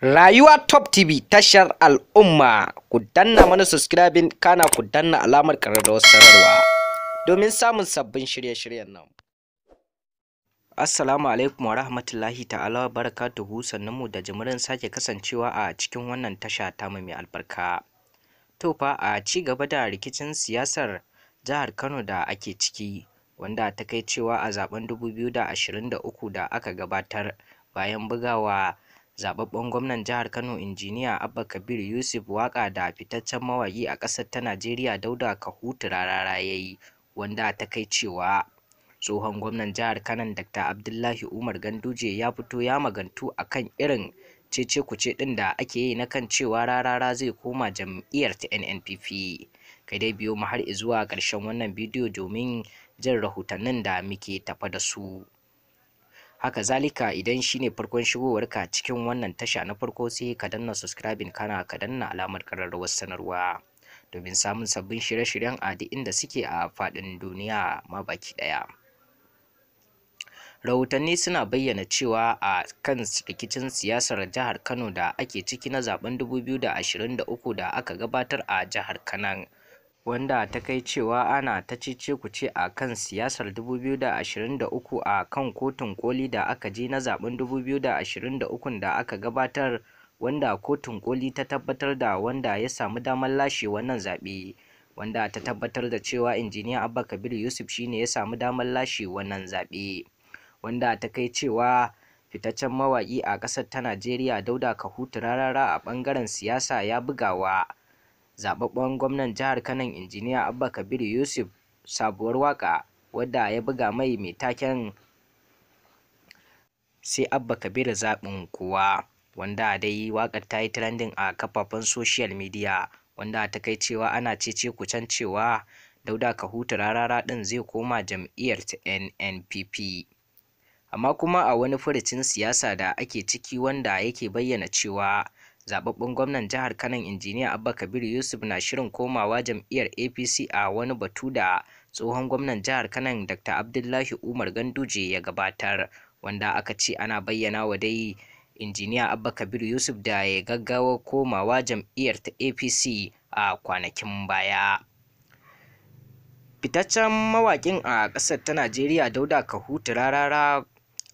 Rayuwa Top TV tashar al'umma ku danna mana subscribing kana ku danna alamar ƙararrawar sanarwa domin samun sabbin shirye-shiryen nan. Assalamu alaikum wa rahmatullahi ta'ala wa barakatuhu sannan mu da jimirin sake kasancewa a cikin wannan tasha ta mai albarka. To fa a ci gaba da rikicin siyasar jihar Kano da ake ciki wanda ta kai cewa a zaben 2023 da aka gabatar bayan bugawa zaɓaɓɓen gwamnan jihar Kano injiniya Abba Kabir Yusuf waƙa da fitaccen mawaƙi a ƙasar ta Najeriya Dauda Kahutu rarara ya wanda ta kai cewa tsohon gwamnan jihar Kano Dr. Abdullahi Umar Ganduje ya fito ya magantu akan irin cece kuce ɗin da ake yi na kan cewa rarara zai koma jam'iyyar ta NNPP kai dai biyo mu har zuwa ƙarshen wannan bidiyo domin jin rahotannin da muke tafa da su haka zalika idan shine farkon shigowarka cikin wannan tasha na farko sai ka danna subscribing kana ka danna alamar kararrawar sanarwa domin samun sabbin shirye-shiryen a duk inda suke a faɗin duniya ma baki ɗaya rahotanni suna bayyana cewa a kan rikicin siyasar jihar kano da ake ciki na zaben 2023 da aka gabatar a jihar kanan wanda ta kai cewa ana ta cece-kuce a kan siyasar 2023 a kan kotun koli da aka je na zaben 2023 da aka gabatar wanda kotun koli ta tabbatar da wanda ya samu damar lashe wannan zaɓe wanda ta tabbatar da cewa injiniya abba kabir yusuf shine ya samu damar lashe wannan zaɓe wanda ta kai cewa fitaccen mawaƙi a ƙasar ta najeriya dauda kahutu rarara a ɓangaren siyasa ya bugawa zababben gwamnan jihar Kano Injiniya Abba Kabir Yusuf sabuwar waƙa wadda ya buga mai mai taken sai Abba Kabir zaɓin kowa wanda dai wakar ta yi trending a kafafen social media wanda ta kai cewa ana cece can cewa Dauda Kahuta rarara ɗin zai koma jam'iyyar ta NNPP. Amma kuma a wani furucin siyasa da ake ciki wanda yake bayyana cewa zababben gwamnan jihar Kano Injiniya Abba Kabir Yusuf na shirin komawa jam'iyyar APC a wani batu da tsohon gwamnan jihar Kano Dr. Abdullahi Umar Ganduje ya gabatar wanda aka ce ana bayyana wa dai Injiniya Abba Kabir Yusuf da ya gaggawa komawa jam'iyyar ta APC a kwanakin baya. Fitaccen mawakin a ƙasar ta Najeriya Dauda Kahutu Rarara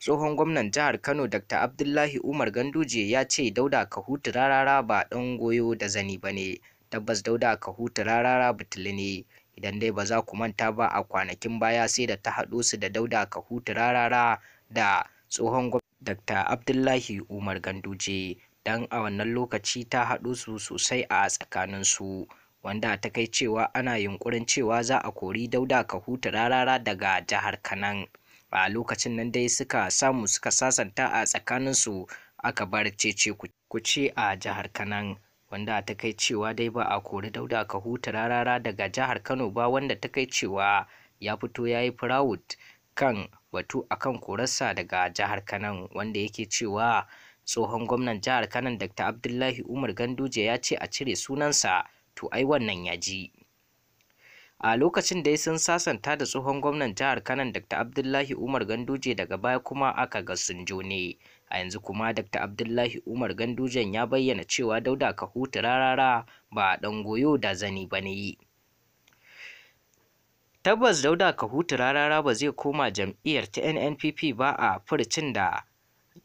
tsohon gwamnan jihar kano dr abdullahi umar ganduje ya ce dauda kahutu rarara ba dan goyo da zani ba ne tabbas dauda kahutu rarara butuli ne idan dai ba za ku manta ba a kwanakin baya sai da ta haɗo su da dauda kahutu rarara da tsohon gwamnan dr abdullahi umar ganduje dan a wannan lokaci ta haɗo su sosai a tsakanin su wanda ta kai cewa ana yunkurin cewa za a kori dauda kahutu rarara daga jihar kanan a lokacin nan dai suka samu suka sasanta a tsakaninsu aka bar cece kuce a jihar kanan wanda ta kai cewa dai ba a kori dauda ka huta rarara daga jihar kano ba wanda ta kai cewa ya fito ya yi firawut kan batu akan korarsa daga jihar kanan wanda yake cewa tsohon gwamnan jihar kanan dr abdullahi umar ganduje ya ce a cire sunansa to ai wannan ya ji a lokacin dai sun sasanta da tsohon gwamnan jihar kanan dr abdullahi umar ganduje daga baya kuma aka ga sun ne a yanzu kuma dr abdullahi umar gandujen ya bayyana cewa dauda kahutu rarara ba dan goyo da zani ba ne tabbas dauda ka hutu rarara ba zai koma jam'iyyar ta nnpp ba a furcin da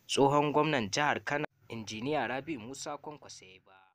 tsohon gwamnan jihar kano injiniya rabi musa kwankwasa ba